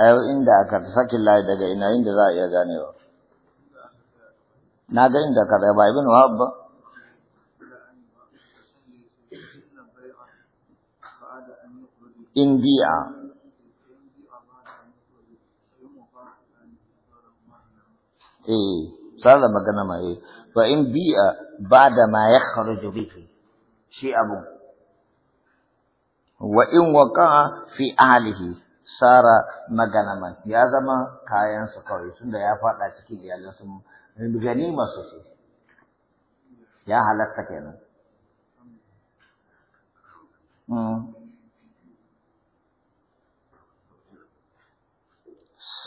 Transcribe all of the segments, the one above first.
ayo inda aka sakin layi daga ina inda za a iya ganewa na ga inda ka ba ibn wahab ba indiya eh sada magana mai eh. فإن بيئة بعد ما يخرج به شيء أبو وإن وقع في أهله صار من يا زما كاين سكوي سند يا فادا يا لسم ganima ما سوسي يا حالك تكينا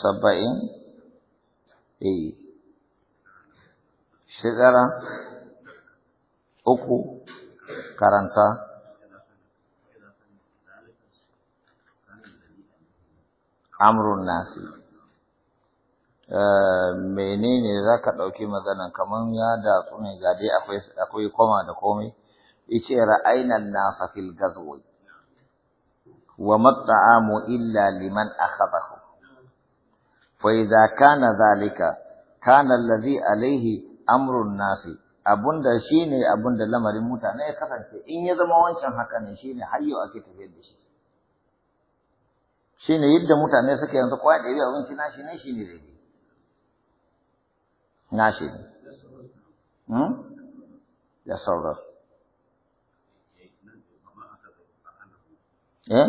سبعين إيه shekara uku karanta amrun nasi eh, menene za ka ɗauki maganan kamar ya datsu ne ga dai akwai koma da komai ice ra'ainan nasa fil gazwai wa matta'amu illa liman akhadahu fa idza kana zalika kana alladhi alaihi amrun nasi abunda shine abunda lamarin mutane ya kasance in ya zama wancan haka ne shine hayyo ake tafiyar da shi shine yadda mutane suka yanzu kwa da yawa abinci nashi ne shine daidai nashi ne hmm da sauran eh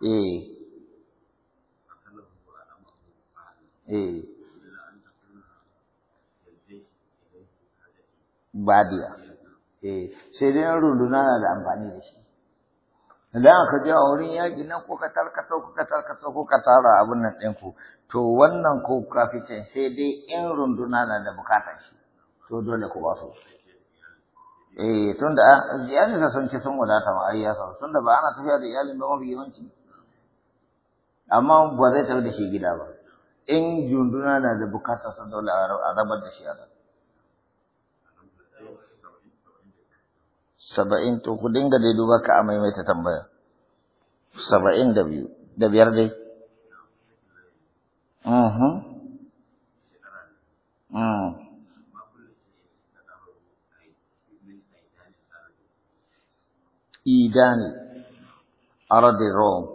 eh eh badiya eh sai dai runduna na da amfani da shi idan aka je a wurin yaƙi nan ko ka tarkata ko ka tarkata ko ka tara abin nan ɗin ku to wannan ko ka fice sai dai in runduna na da bukatar shi to dole ku ba su eh tun da iyalin sun ci sun wadata ma ayya sa tun da ba ana tafiya da iyalin ba mafi yawanci amma ba zai tafi da shi gida ba in runduna na da bukatar sa dole a rabar da shi a saba'in to ku dinga dai duba ka a maimaita tambaya saba'in da biyu da biyar dai mm. idani aradi rom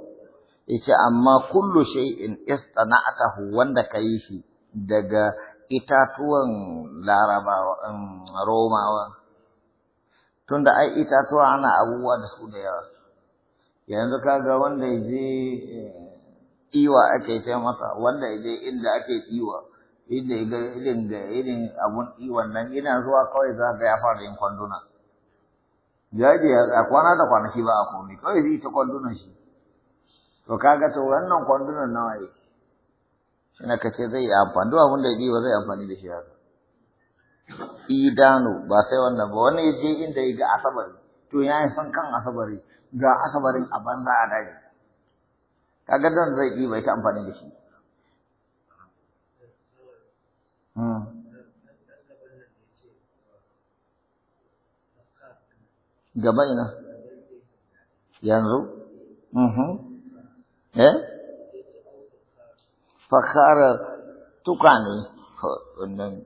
ita amma kullu shay'in istana'atahu wanda kayi shi daga itatuwan larabawa mm, romawa tunda ai itatuwa ana abubuwa da su da yawa yanzu kaga wanda ya je eh, iwa ake ce masa wanda ya je inda ake iwa inda ya ga irin ga irin abun iwan nan yana zuwa kawai za ga ya fara yin kwanduna ya je a kwana da kwanaki ba a komai kawai zai ta kwandunan shi to kaga to wannan kwandunan nawa ne shi na ce zai yi amfani duk abin da ya ba zai amfani da shi haka idanu ba sai wannan ba wani je inda ya ga asabari to ya yi son kan asabari ga asabarin a banza a daji kaga dan zai yi bai ta amfani da shi hmm. gaba ina yanzu mm-hmm. eh fakara tukane wannan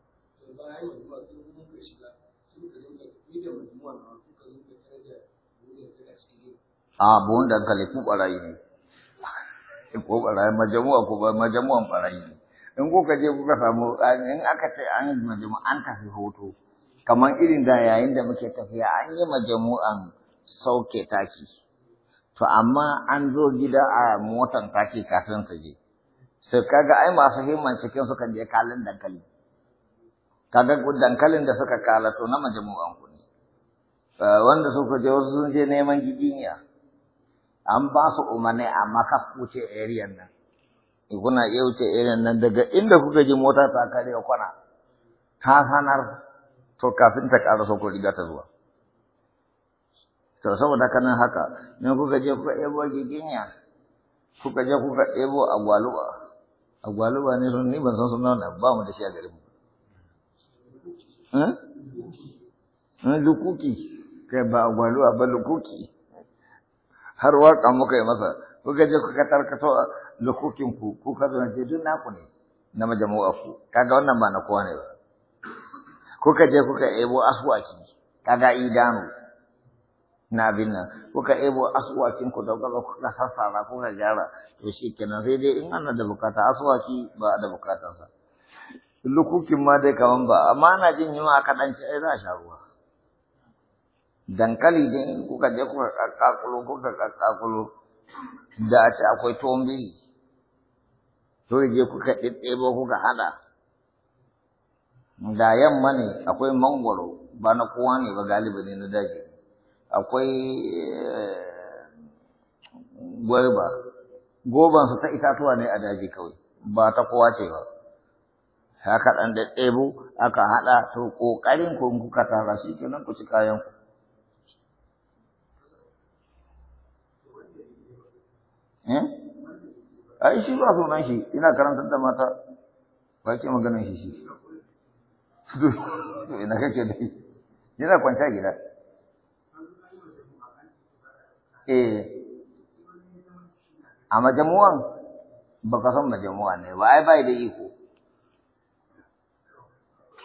daga baya yanzu sun kuma ka shiga sun ka fi da majmuwa na ka tare da ta cikin a dankali ku barayi ne ko barayi majamuwa ko majamuwan barayi ne in kuka je kuka samu in aka ce an majamu an tafi hoto kamar irin da yayin da muke tafiya an yi majamu'an sauke taki to amma an zo gida a motan taki kafin su je su kaga ai masu himman cikin suka je kalin dankali kaga dankalin da suka kalato na majmu'an ku ne eh, wanda suka je wasu sun je neman gidiniya an ba su umarni amma ka kuce area nan eh, kuna iya wuce area nan daga inda kuka ji mota ta kare kwana ta sanar to kafin ta ƙara so ku riga ta zuwa to saboda kanan haka ne kuka je kuka ebo gidiniya kuka je kuka ebo agwaluba agwaluba ne sun ni ban san sunan ba mu da shi a garin lukuki kai ba gwaluwa ba lukuki har waka muka yi masa kuka je kuka tarkato lukukin ku kuka zo ce duk naku ne na majamu'a ku kaga wannan ba na kowa ne ba kuka je kuka ebo aswaki kaga idanu na abin nan kuka ebo aswakin ku da gaba kuka sassara kuka gyara to kenan sai dai in ana da bukata aswaki ba da bukatansa lukukin ma dai kaman ba amma na jin yunwa aka dan ci ai za a sha ruwa dankali din kuka je kuka kakkakulo kuka kakkakulo da a ce akwai tuwon biri to je kuka ɗiɗɗebo kuka haɗa da yamma ne akwai mangwaro ba na kowa ne ba galibi ne na daji akwai eh, gwaiba goban su ta itatuwa ne a daji kawai ba ta kowa ce ba haka ɗan ɗaɗɗebo aka haɗa to ƙoƙarin ku kuka tara shi kenan ku ci kayan ku. Eh? Ai shi ba so nan shi ina karantar da mata ba ke maganar shi shi. To ina kake da shi. Yana kwanta gida. Eh. A majamuwan ba ka san majamuwa ne ba ai bai da iko.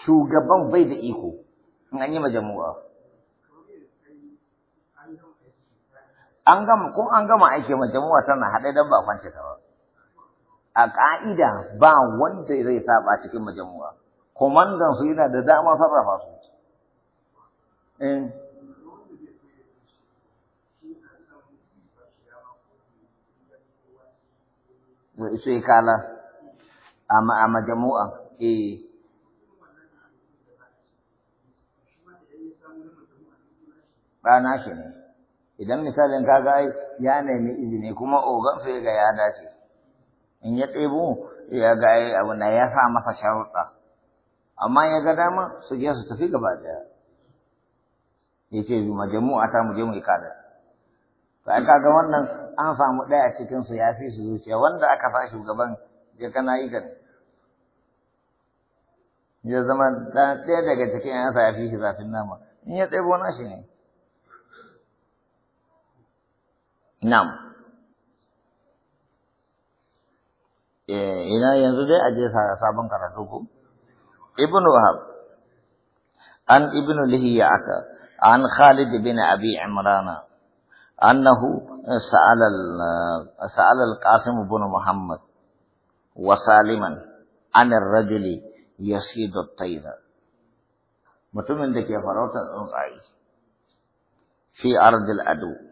shugaban bai da iko in an yi an gama ko an gama aiki majamu'a tana haɗe ba kwance ta ba a ƙa'ida ba wanda zai saba cikin majamuwa. komandan su yana da dama sarrafa su eh. Sai kala a majamu'a, eh, rana shi ne idan misalin kaga ya nemi izini kuma ogan sai ga ya dace in ya tsebo ya ga abu na ya sa masa sharuɗa amma ya ga dama su je su tafi gaba ɗaya ya ce majamu'a ta mu je mu yi kada sai kaga wannan an samu ɗaya a cikin su ya fi su zuciya wanda aka fa shugaban je kana yi gani ya zama ɗaya daga cikin yansa ya fi shi zafin nama in ya tsebo na shi ne na'am ina yanzu dai a je sabon karatu ko ibn wahab an ibn lihiya aka an khalid bin abi imrana annahu sa'ala sa'ala al-qasim ibn muhammad wa saliman an ar-rajuli yasidu at-tayra mutumin da ke farautar tsuntsaye fi ardil adu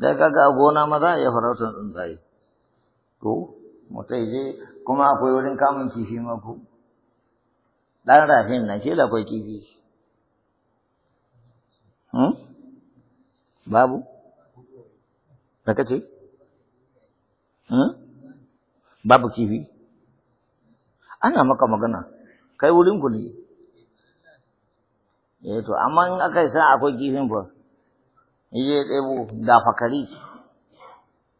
Ka kaga a gona ma ya a iya farautar tsuntsaye to mutai je kuma akwai wurin kamun kifi ma ku ɗan rafin nan shi da akwai kifi hmm? babu da kace hmm? babu kifi ana maka magana kai wurin ku ne eh to amma in aka yi sa akwai kifin ba. ya ɗebo da fakari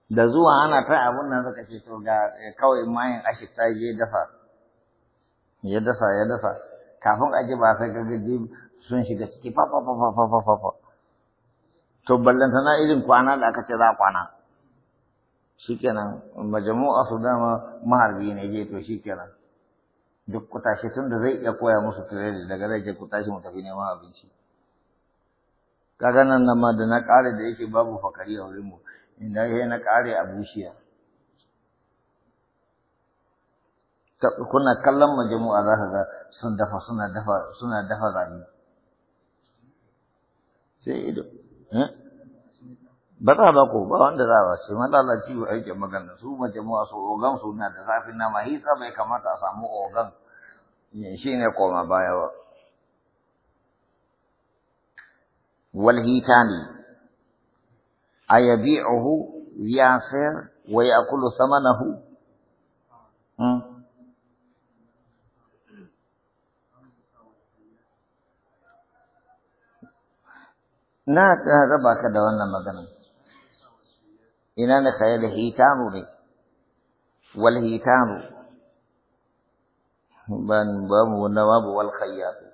da zuwa ana ta abun nan suka ce to ga eh, kawai mayin ashi ta je dafa ya dafa ya dafa kafin a ji ba sai ga gaji sun shiga ciki fa fa fa fa fa fa fa to tana irin kwana da aka ce za kwana shikenan majamu'a su dama maharbi ne je to shikenan duk ku tun da zai iya koya musu tare daga zai je ku tashi mu tafi neman abinci kaga nan nan ma da na ƙare da yake babu fakari a wurin mu inda ya na ƙare a bushiya kuna kallon majmu'a za ka ga sun dafa suna dafa suna dafa zani sai ido eh? ba za ba ko ba wanda za ba shi malalaci wa aike magana su majmu'a su ogan su na da zafin nama hisa bai kamata a samu ogan shi ne koma baya ba والهيتامي أيبيعه ياسر ويأكل ثمنه نا هذا باك دوانا إن إنا خير نخيل هيتام والهيتام بن بن والخياط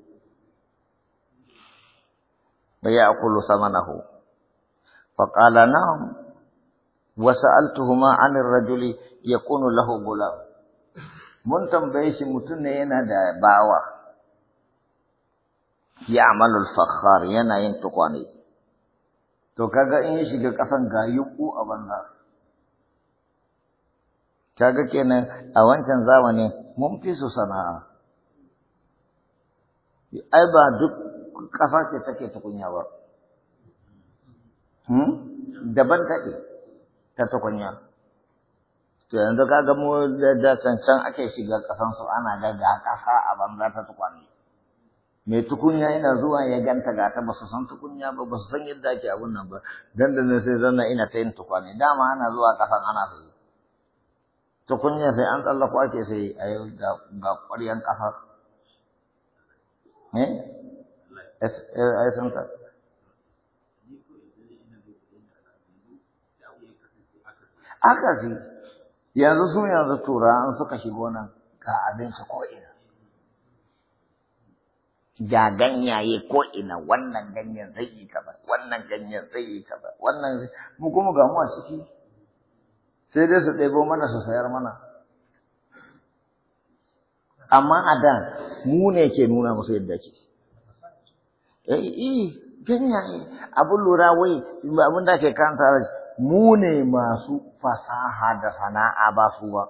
ويأكل ثمنه فقال نعم وسألتهما عن rajuli يكون lahu غلام mun tambaye shi mutum ne yana da bawa ya amalul fakhar yana yin tukwane to kaga in ya shiga kasan ga a banza kaga kenan a wancan zamani mun fi su sana'a ai ba duk ƙasa ce take tukunya ba. Hmm? Daban take ta tukunya. To yanzu ka ga mu da cancan ake shiga su ana ga ga ƙasa a banza ta tukwane. Mai tukunya yana zuwa ya ganta ga ta ba san tukunya ba ba san yadda ake abun nan ba. Dandanin sai zanna ina ta yin tukwane dama ana zuwa ƙasan ana sai. Tukunya sai an tsallako ake sai a yau ga ƙwaryan ƙasa. Eh? Akazi eh, ka akasi yanzu su yanzu tura an suka shigo nan ga abinsu ko'ina ga ganyaye ko'ina wannan ganyen zai yi kaza wannan ganyen zai yi kaza wannan mu kuma ga mu a ciki sai dai su ɗebo mana su sayar mana amma a da mu ne ke nuna musu yadda ke eh gani abun lura wai abun da ke kan mu ne masu fasaha da sana'a ba su ba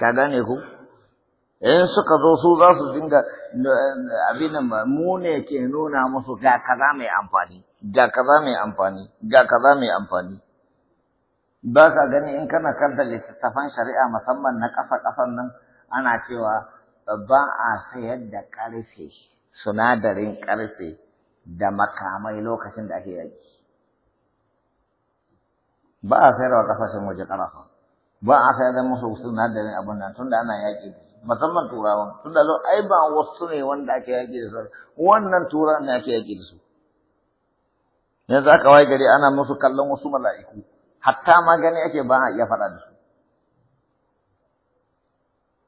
ka gane ku in eh, suka zo su za su dinga eh, abin mu ne ke nuna musu ga kaza mai amfani ga kaza mai amfani ga kaza mai amfani ba ka gani in kana kanta littattafan shari'a musamman na ƙasa ƙasan nan ana cewa ba a sayar da ƙarfe sunadarin ƙarfe da makamai lokacin da ake yaƙi. Ba a wa ƙasashen waje ƙarafa, ba a sayar da musu sunadarin abin nan tunda ana yaƙi musamman turawan tunda lo ai ba wasu ne wanda ake yaƙi da su wannan tura ne ake yaƙi da su. Yanzu aka waye gari ana musu kallon wasu mala'iku hatta ma gani ake ba a iya faɗa da su.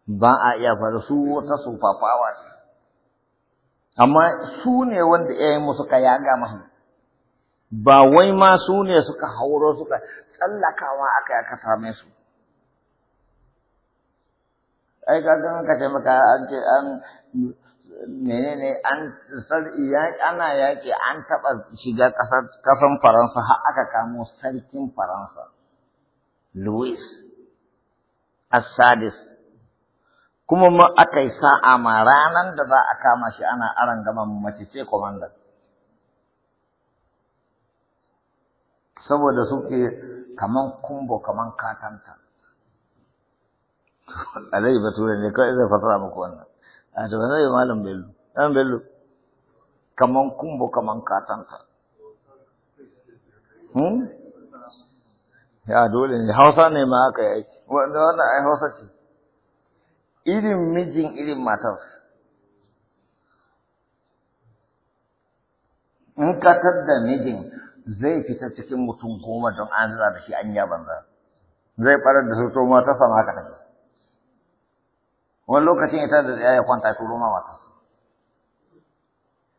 Ba a iya faɗa su wata sufafawa ne. amma su ne wanda mu suka yaga masu ba wai ma su ne suka hauro suka tsallakawa aka aka same su ai kaga ka ce maka an ce an menene an ana yaki an taɓa shiga ƙasar ƙasan Faransa har aka kamo sarkin Faransa Louis Assadis kuma ma aka yi sa'a ma ranar da za a kama shi ana aran gama mace ce kwamandan saboda suke kaman kumbo kaman katanta alai tura ne kawai zai fasara muku wannan a to zai malam bello dan bello kaman kumbo kaman katanta hmm ya dole ne hausa ne ma aka yi wanda wannan ai hausa ce irin mijin irin matar in ka da mijin zai fita cikin mutum goma don an zira da shi an yi banza zai farar da su to mata sama haka take wani lokacin ita da ya kwanta turo ma mata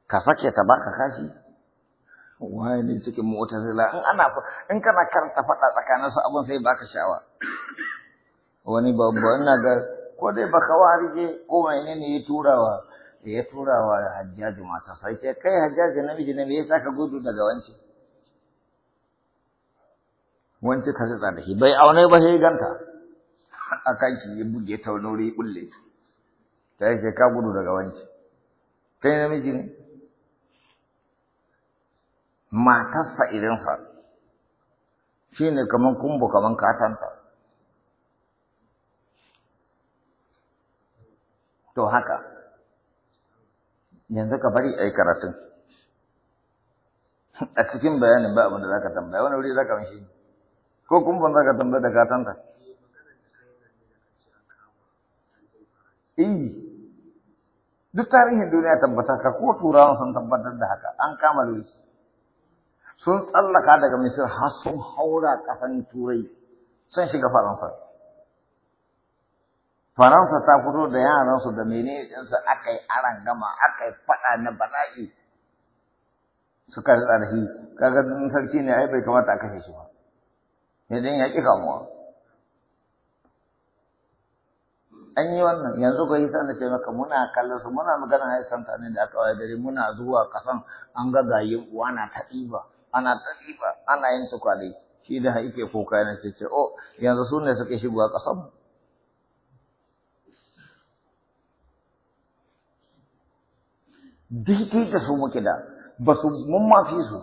ka sake ta baka kashi waye ne cikin mu'tazila in ana in kana karanta faɗa tsakanin su abun sai baka sha'awa wani babba ina ga ko dai ba kawarije ko mai ne ya turawa ya turawa hajjaji mata sai ce kai hajjaji namiji na me yasa ka gudu daga wance wance ka tsada da shi bai aune ba sai ganta akan shi ya buge ta wani bulle ta yake ka gudu daga wance kai namiji ne matarsa sa, shi ne kaman kumbu kaman katanta to haka yanzu ka bari ai karatun a cikin bayanin ba abin da zaka tambaya wani wuri zaka mishi ko kuma ban zaka tambaya da katanta eh duk tarihin duniya tabbata ka ko turawan sun tabbatar da haka an kama Louis sun tsallaka daga Misir har sun haura kasan Turai sun shiga Faransa faransa ta fito da yaransu da menene ɗinsu aka yi aran gama aka yi faɗa na bala'i suka tsarhi kaga sarki ne ai bai kamata a kashe shi ba idan ya ƙi kamuwa an yi wannan yanzu ko yi sanda ce maka muna kallon su muna magana ai santa ne da aka waye dare muna zuwa kasan an ga gayin uwa na ta ɗiba ana ta ɗiba ana yin tukwale shi da haike ko kayan ce ce oh, o yanzu su ne suke shigowa kasan mu daidai da su muke da ba su mun ma fi su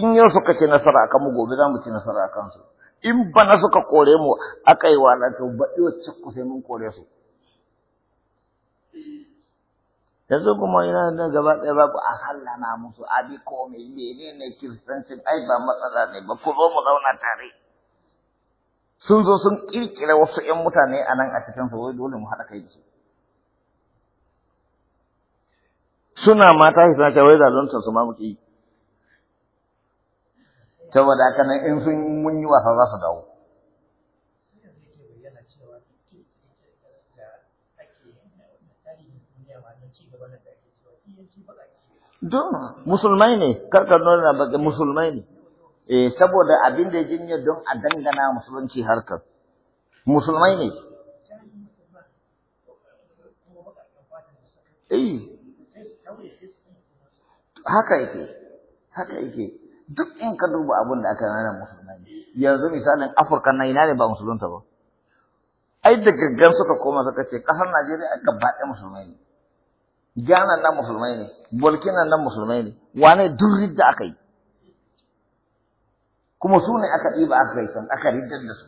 in yau suka ci nasara akan kanmu gobe za mu ci nasara akan su, in bana suka kore mu aka yi wa to baɗi ci ku sai mun kore su yanzu kuma yana da gaba ɗaya ba ku a hallana musu abi ko mai mene ne kiristancin ai ba matsala ne ba ku zo mu zauna tare sun zo sun kirkira wasu 'yan mutane a nan a cikin su dole mu haɗa kai da su suna mata shi sace wai zalunta su ma muke yi saboda haka nan in sun mun yi wasa za su dawo Don musulmai ne, karkar nuna ba musulmai ne, eh, saboda abin da jinya don a dangana musulunci harkar, musulmai ne. Eh, haka yake haka yake duk in ka duba abin da aka nana musulmai yanzu misalin afirka na ina ne ba musulunta ba ai da gaggan suka koma suka ce kasar najeriya ai gaba ɗaya musulmai ne ghana nan musulmai ne burkina nan musulmai ne wane duk ridda aka yi kuma su ne aka ɗiba aka yi san aka riddan da su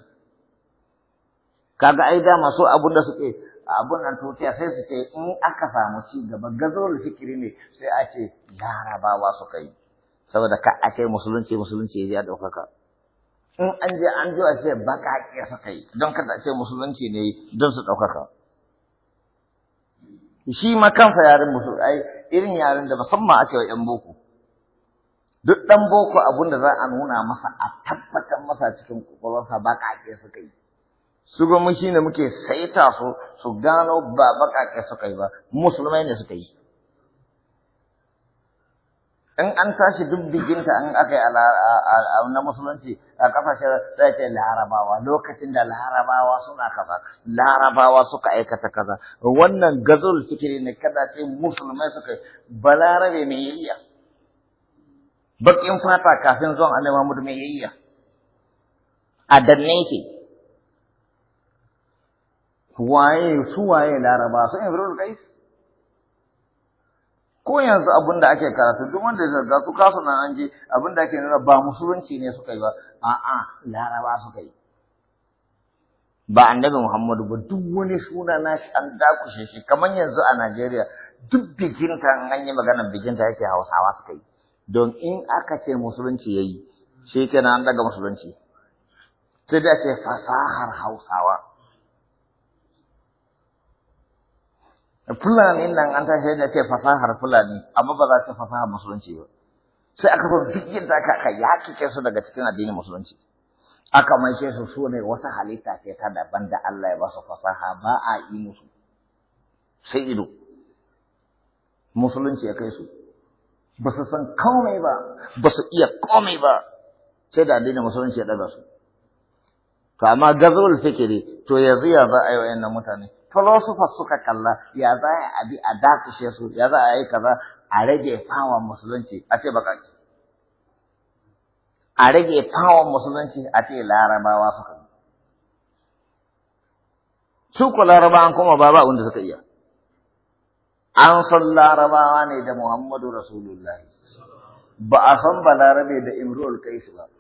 kaga ai dama so abin da suke abun nan tutiya sai su ce in aka samu ci gaba gazol fikiri ne sai a ce larabawa su yi saboda ka a ce musulunci musulunci ya ɗaukaka in an je an zo a ce baƙaƙe su yi don kada a ce musulunci ne don su ɗaukaka shi ma kansa yaren musulunci ai irin yaren da musamman a wa 'yan boko duk ɗan boko abun da za a nuna masa a tabbatar masa cikin ƙwaƙwalwarsa baƙaƙe su yi su goma shi ne muke saita su su gano ba baƙaƙe suka yi ba musulmai ne suka yi in an tashi duk biginta an aka yi na musulunci a kafashe zai ce larabawa lokacin da larabawa suna kaza larabawa suka aikata kaza wannan gazul fikiri ne kada ce musulmai suka yi balarabe mai yayya bakin fata kafin zuwan annabi Muhammad mai yayya a danne yake waye su waye laraba su imrul qais ko yanzu abin da ake karatu duk wanda ya ga su kasu nan an je abin da ake nuna ba musulunci ne suka yi ba a'a laraba suka yi ba annabi Muhammadu ba duk wani suna na shi an dakushe shi kamar yanzu a Najeriya duk bikinta an yi maganar bikinta yake Hausawa suka yi don in aka ce musulunci yayi shi kenan an daga musulunci sai da ce fasahar Hausawa Fulani nan an tashi da ce fasahar Fulani, amma ba za ta fasahar musulunci ba. Sai aka so duk yadda aka yaki yakice su daga cikin addinin musulunci. Aka maishe su su ne wata halitta ce ta daban da Allah ya ba su fasaha ba a yi musu. Sai ido. Musulunci ya kai su. Ba su san komai ba, ba su iya komai ba, sai da addinin musulunci ya ɗaga su. To amma gazul fikiri, to yanzu ya za a yi wa mutane. philosophers suka kalla ya za a abi a dakushe su ya za a yi kaza a rage fawon musulunci a ce bakaki a rage fawon musulunci a ce larabawa suka su ku larabawan kuma ba ba wanda suka iya an san larabawa ne da muhammadu rasulullah ba a san ba larabe da imru'ul kaisu ba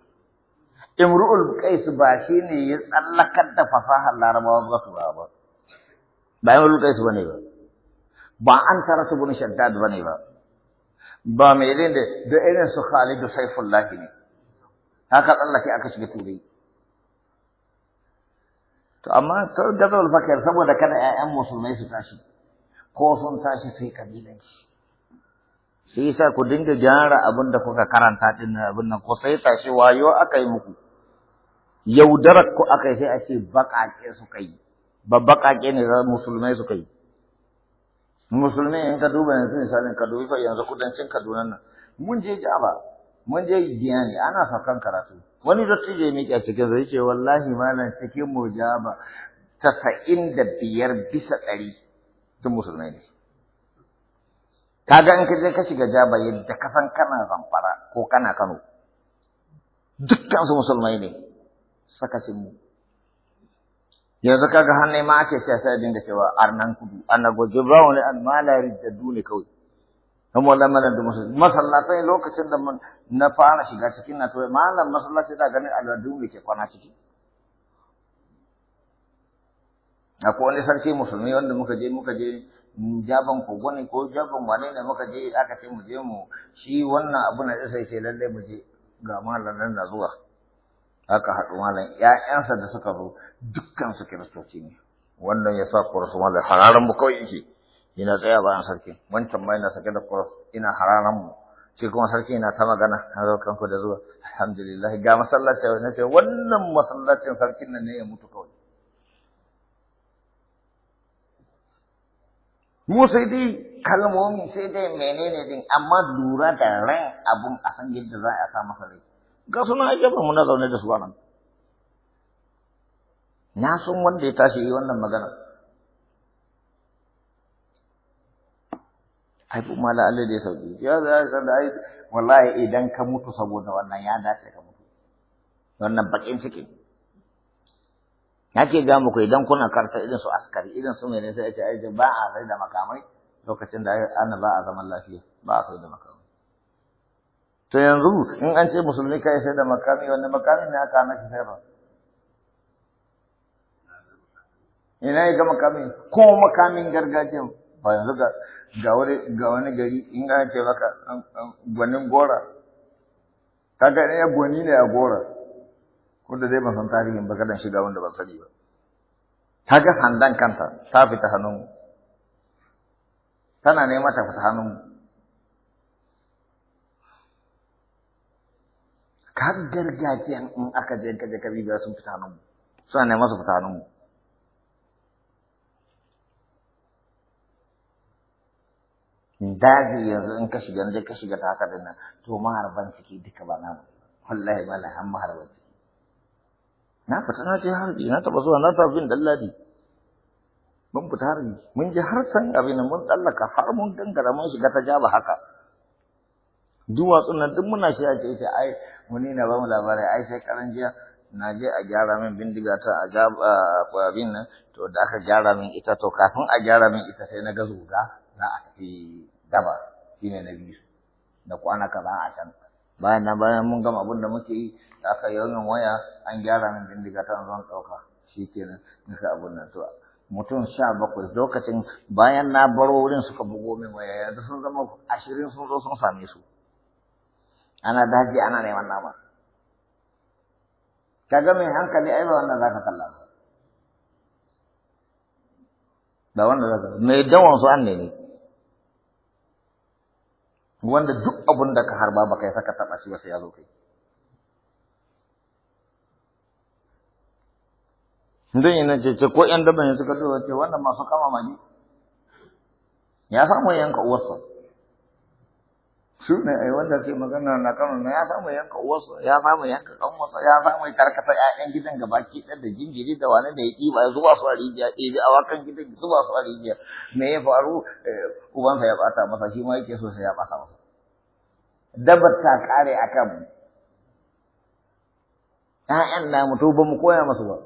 imru'ul kaisu ba shine ya tsallakar da fasahar larabawa ba su ba ba yan lukai su bane ba ba an tara su bin shaddad bane da shiga turai saboda kada yayan musulmai su sai ku dinga gyara abin da kuka karanta din abin nan ku sai tashi wayo aka yi muku yaudarar ku aka yi sai a ce baƙaƙe suka yi babban ƙaƙe ne za musulmai suka yi musulmai in ka duba yanzu misalin ka fa yanzu kudancin kaduna nan mun je jaba mun je ne ana fakan karatu wani dattijo ya miƙe a cikin zai ce wallahi malam cikin mu jaba tasa'in da biyar bisa ɗari duk musulmai ne kaga in ka je ka shiga jaba yadda ka san kana zamfara ko kana kano dukkan su musulmai ne sakacin mu yanzu kaga har ne ma ake cewa sai dinga cewa arnan kudu annago ba wani an malari da ne kawai kuma wannan malam da masallatai lokacin da na fara shiga cikin na to malam masallatai da ganin aladu ne ke kwana ciki akwai wani sarki musulmi wanda muka je muka je jaban kogo ne ko jaban wane ne muka je aka ce mu je mu shi wannan abu na isa sai lallai mu je ga malam nan na zuwa aka haɗu malam ƴaƴansa da suka zo dukkan su kiristoci ne wannan ya sa kuras malam hararan mu kawai yake Ina tsaya bayan sarki wancan ma ina sake da kuras ina hararan mu shi kuma sarki yana ta magana an zo kanku da zuwa alhamdulillah ga masallaci na ce wannan masallacin sarkin nan ne ya mutu kawai mu sai dai kalmomi sai dai menene din amma lura da ran abun a san yadda za a sa masa rai ga suna ajiyar mu na zaune da su a nan na sun wanda ya tashi yi wannan magana haifu ma la'alai da ya sauki ya za ka da ai wallahi idan ka mutu saboda wannan ya dace ka mutu wannan bakin ciki nake ga muku idan kuna karta irin su askari irin su mai sai ya ce ai ba a sai da makamai lokacin da ana ba a zaman lafiya ba a sai da makamai to yanzu in an ce musulmi kai sai da makami wanda makami ne aka hana shi sai ba ina ya ga makami ko makamin gargajiya ba yanzu ga ga wani ga wani gari in an ce maka um, um, gwanin gora kaga ne ya gwani ne a gora ko da zai ban san tarihin ba kadan shiga wanda ban sani ba kaga handan kanta ta fita hannun tana neman ta fita hannun ka gargajiyan in aka je ka je ka bibiya sun fita nan suna neman su fita nan daji yanzu in ka shiga je ka shiga ta haka dinnan to maharban suke duka ba nan wallahi ba la han maharban suke na fita na je harbi na taba zuwa na taba bin dalladi mun fita harbi mun je har san abin mun tsallaka har mun dangara mun shiga ta jaba haka duwatsun nan duk muna shi ake ita ai muni na ba mu labarai ai sai karan na je a gyara min bindiga ta a kwabin nan to da aka gyara min ita to kafin a gyara min ita sai na ga zuga na a tafi daba shine na biyu da kwana kaza a can bayan na bayan mun gama abin da muke yi da aka yi min waya an gyara min bindiga ta zan ɗauka shi ke kenan nika abin nan to mutum sha bakwai lokacin bayan na baro wurin suka bugo min waya yanzu sun zama ashirin sun zo sun same su ana daji ana neman nama kaga mai hankali ai ba wannan zaka kalla ba ba wannan zaka mai dawon su anne ne wanda duk abun da ka harba baka kai saka taba shi ba sai ya zo kai don yana ce ce ko yan daban suka zo ce wannan masu kama magi ya samu yanka uwarsa su ne ai eh, wanda ke magana na kano na ya samu yanka uwarsa ya samu yanka kanwarsa ya samu karkata ƴaƴan gidan gaba ɗan da jinjiri da wani da ya ɗiba zuwa su a rijiya ɗebi awakan gidan zuwa su a rijiya me ya faru eh, ubansa ya ɓata masa shi ma yake so sai ya ɓata masa dabar ta kare a mu ƴaƴan na mu to ba mu koya masu ba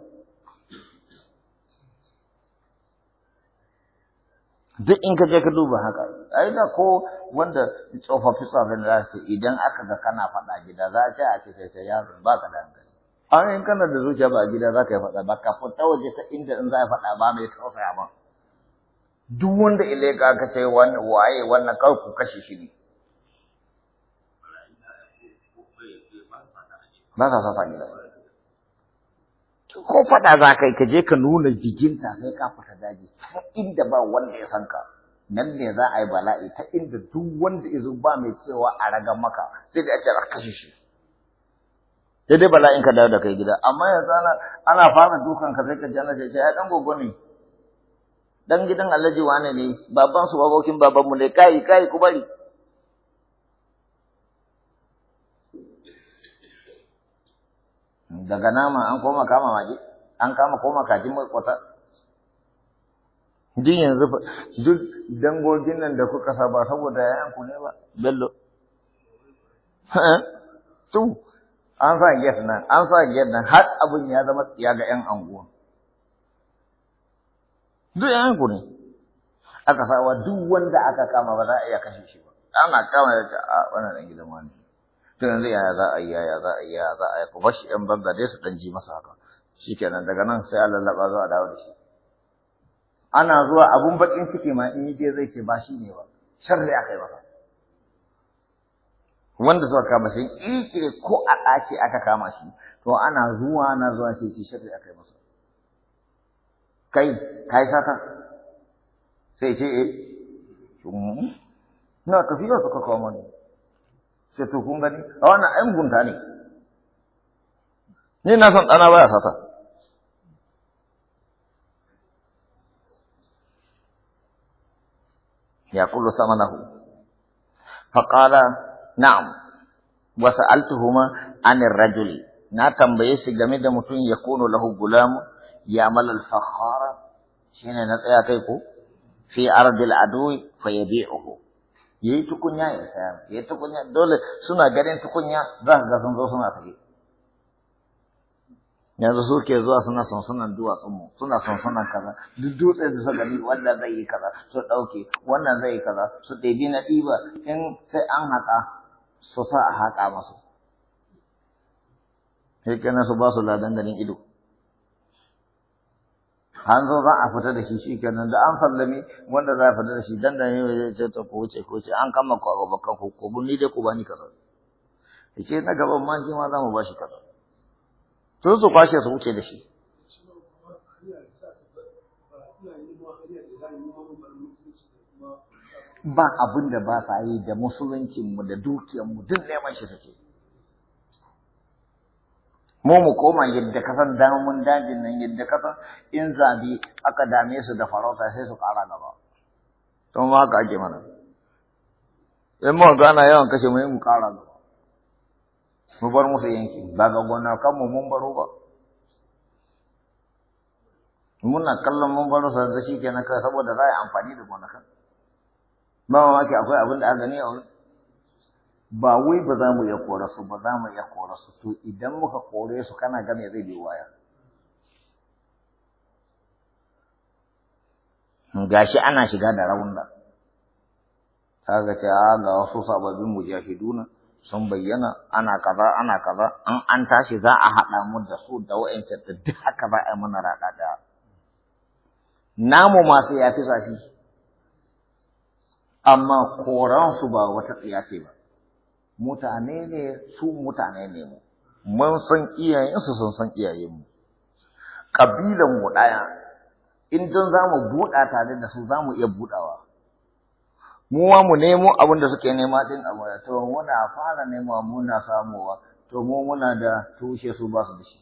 duk in ka je ka duba haka ai da ko wanda tsofaffi tsofaffin za su idan aka ga kana faɗa gida za a ce a ce sai ta yaro ba ka da hankali amma in kana da zuciya ba gida za ka yi faɗa ba ka ta waje ta inda in za a faɗa ba mai tausaya ba duk wanda ile ka aka ce waye wannan kar ku kashe shi ne ba ka sa gida ko faɗa za ka yi ka je ka nuna jikinta sai ka fita daji ta inda ba wanda ya san ka nan ne za a yi bala'i ta inda duk wanda izo ba mai cewa a raga maka sai da ake kashe shi sai dai bala'in ka dawo da kai gida amma yanzu ana ana fara dukan ka sai ka jana ce ya dan gogo ne dan gidan Alhaji wane ne baban su babokin baban mu ne kai kai ku bari daga nama an koma kama mage an kama koma kajin makwata din yanzu duk dangogin nan da kuka saba saboda yayan ku ne ba bello tu an sa gate nan an sa gate nan har abun ya zama ya ga yan anguwa duk yayan ku ne aka wa duk wanda aka kama ba za a iya kashe shi ba ana kama da a ah, wannan gidan wani tunan zai yaya za a yi yaya za a yi yaya za a yi ku bashi yan banza dai su ɗan ji masa haka Shi kenan daga nan sai Allah laɓa zuwa dawo da shi ana zuwa abun bakin ciki ma in je zai ce ba shi ne ba sharri aka yi masa wanda zuwa kama shi in ko a ɗaki aka kama shi to ana zuwa na zuwa sai ce sharri aka yi masa kai kai saka sai ce eh na kafiya suka kawo mani ce to kun gani a wannan ayan gunta ne ni na san ɗana baya sata ya kullu samanahu faqala na'am wa sa'altuhuma anir rajuli na tambaye shi game da mutum ya kono lahu gulamu ya malal fakhara shine na tsaya kai ko fi ardil adui fayabi'uhu ya yi tukunya ya saya ya yi tukunya dole suna ganin tukunya za ka ga zo suna tafi yanzu suke zuwa suna suna duwatsun mu suna suna kaza duk dutse da suka gani wannan zai yi kaza su ɗauke wannan zai yi kaza su ɗebi na ɗiba in sai an haƙa su sa a haƙa masu sai kenan su ba su ladan ganin ido an zo za a fita da shi shi kenan da an sallami wanda za a fita da shi dan da ne zai ce to ko wuce ko wuce an kama ko ga gaba ko ku ko ni dai ku bani kaza yace na gaban man shi ma za mu bashi kaza to su kwashe su wuce da shi ba abin da ba sa yi da musuluncinmu da dukiyarmu duk neman shi sake mu mu koma yadda kasan damun dajin nan yadda san in zabi aka dame su da farauta sai su kara gaba to ma haka ake mana in mu gana yawan kashe mu mu kara gaba mu bar musu yanki ba ga gona kan mu mun baro ba muna kallon mun baro sa da shi kenan saboda za a yi amfani da gona kan ba mamaki akwai abin da aka gani a wurin ba wai ba za mu iya kore su ba za mu iya kore su to idan muka kore su kana gane zai biyo waya gashi ana shiga da raunda ga ce a ah, ga wasu sababbin mujahiduna sun bayyana ana kaza ana kaza an an tashi za a haɗa mu da su da wayansa da duk haka ba a mana raɗa da namu masu yafi zafi amma koransu ba wata tsiya ba mutane ne su mutane ne mu mun san iyayensu sun san iyayenmu ƙabilan mu ɗaya in don za mu buɗa tare da su zamu iya buɗawa mu ma mu nemo abin da suke nema a abu to muna fara nema muna samowa to mu muna da tushe su ba su da shi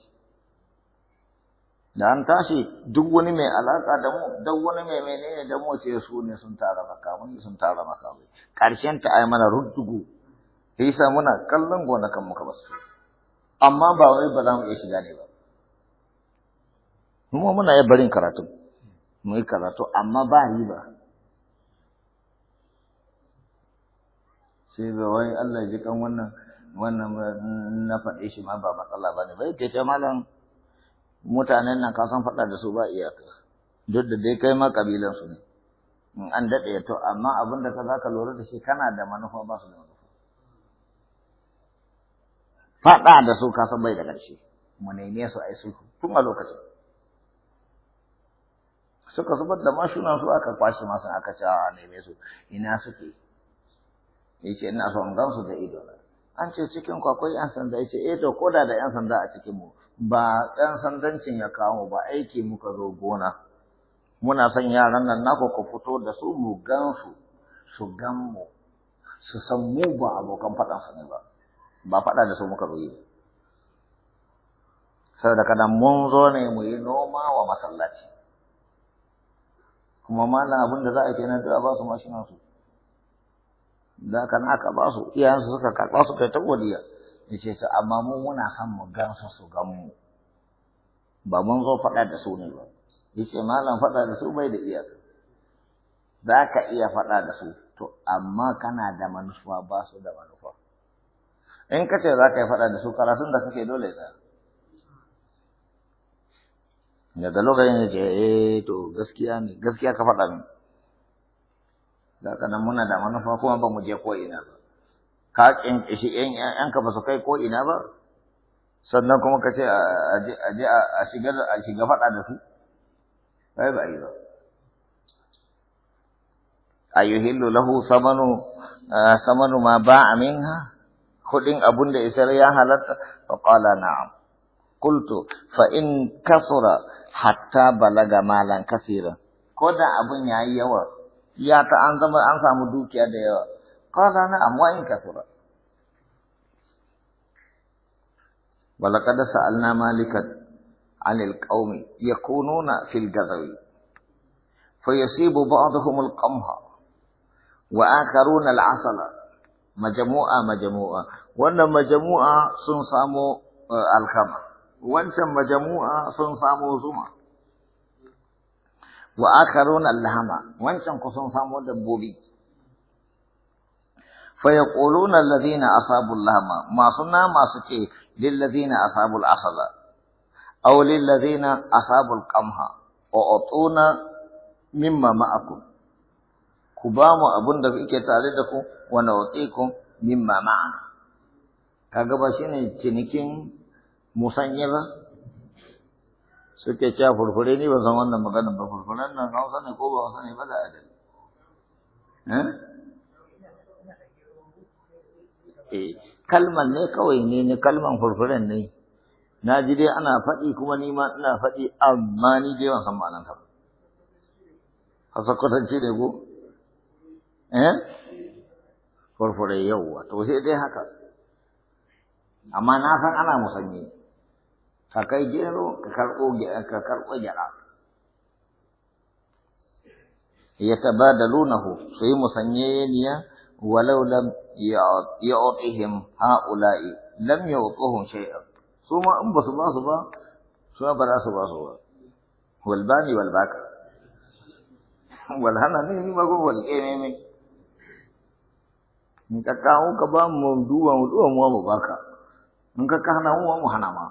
da an tashi duk wani mai alaka da mu duk wani mai menene da mu sai su ne sun tara mun sun tara maka. karshen ta ai mana ruddugu Isa muna kallon gonakan muka su, Amma ba wai ba za mu iya shiga ne ba. Mu muna iya barin karatu. Mu yi karatu amma ba riba. Sai ga wai Allah ya ji kan wannan wannan na faɗe shi ma ba matsala ba ne. Bai ke ce malam mutanen nan ka san faɗa da su ba iyaka. Duk da dai kai ma kabilan su ne. In an daɗe to amma abin da ka za ka lura da shi kana da manufa ba su da manufa. faɗa da su kasan bai da ƙarshe mu neme su a sulhu tun a lokacin suka zubar da mashunan su aka kwashe masu aka ce a neme su ina suke yace ina so in gan su da ido na an ce cikin ku akwai yan sanda yace eh to koda da yan sanda a cikin mu ba yan sandancin ya kawo ba aiki muka zo gona muna son yaran nan na ku fito da su mu gan su su gan mu su san mu ba abokan faɗansu ne ba ba faɗa da su muka zo yi saboda kada mun zo ne mu yi noma wa masallaci kuma malam abin da za a yi kenan da ba su mashina su da kan aka ba su iyayensu suka karɓa su kai ta godiya ya ce su amma mu muna son mu gansa su su gan mu ba mun zo faɗa da su ne ba ya ce malam faɗa da su bai da iyaka za ka iya faɗa da su to amma kana da manufa ba su da manufa in ka ce za ka yi faɗa da su karatun da kake dole ya daga lokacin ya ce eh to gaskiya ne gaskiya ka faɗa min da kana muna da manufa kuma ba mu je ko'ina ba ka kinkishi yan yanka ba su kai ko ba sannan kuma ka ce a shiga a faɗa da su ai ba yi ba ayuhillu lahu samanu samanu ah, ma ba'a minha kudin abun da isar ya halatta fa qala na'am qultu fa in kasura hatta balaga malan kasira ko da abun yayi yawa ya ta an zama an samu dukiya da yawa qala na'am wa in kasura sa'alna malikat anil qaumi yakununa fil gadawi fa yasibu ba'dhum al qamha wa akharuna al 'asala majamu'a majamu'a wannan majamu'a sun samo eh, alkama wancan majamu'a sun samo zuma wa akharuna allahama wancan ku sun samo dabbobi fa yaquluna alladhina asabu allahama masu nama su ce lil ladina asabu al-asala aw lil ladina asabu al-qamha wa utuna mimma ma'akum ku ba mu abin da kuke tare da ku wa nawtikum mimma ma'ana kaga ba shine cinikin musanya ba suke cewa furfure ni ba san wannan magana ba furfuren nan Hausa ne ko ba Hausa ne ba da adali eh, eh kalman ne kawai ne ni kalman furfuren ne na ji dai ana faɗi kuma ni ma ina faɗi amma ni dai ban san ma'anar ta a sakkwatance ne ko Eh? furfure yauwa to sai dai haka amma na san ana musanyi ka kai gero ka karɓo ka karɓo da lunahu sai musanyeniya walau lam yu'tihim ha'ula'i lam yu'tuhum shay'an su ma in basu su ba su ma ba za su ba walba ni walba ka wal hana ni ma walke ne mai. in ka kawo ka ba mu duwan mu duba mu mu baka in ka hana mu mu hana ma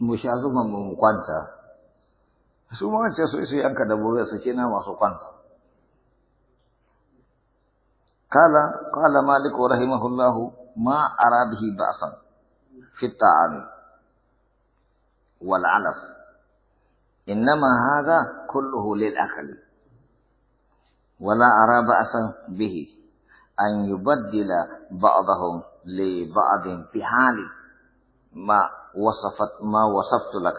mu sha zuma mu kwanta su ma ce su su yanka dabbobi su ce na masu kwanta kala kala maliku rahimahullahu ma aradhi ba'san fi ta'ami wal alaf innama hadha kulluhu lil akali wala araba بأسا bihi. أن يبدل بعضهم لبعض حال ما وصفت ما وصفت لك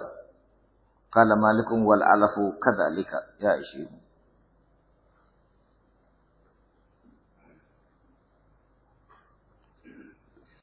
قال مالك والألف كذلك يا إشيم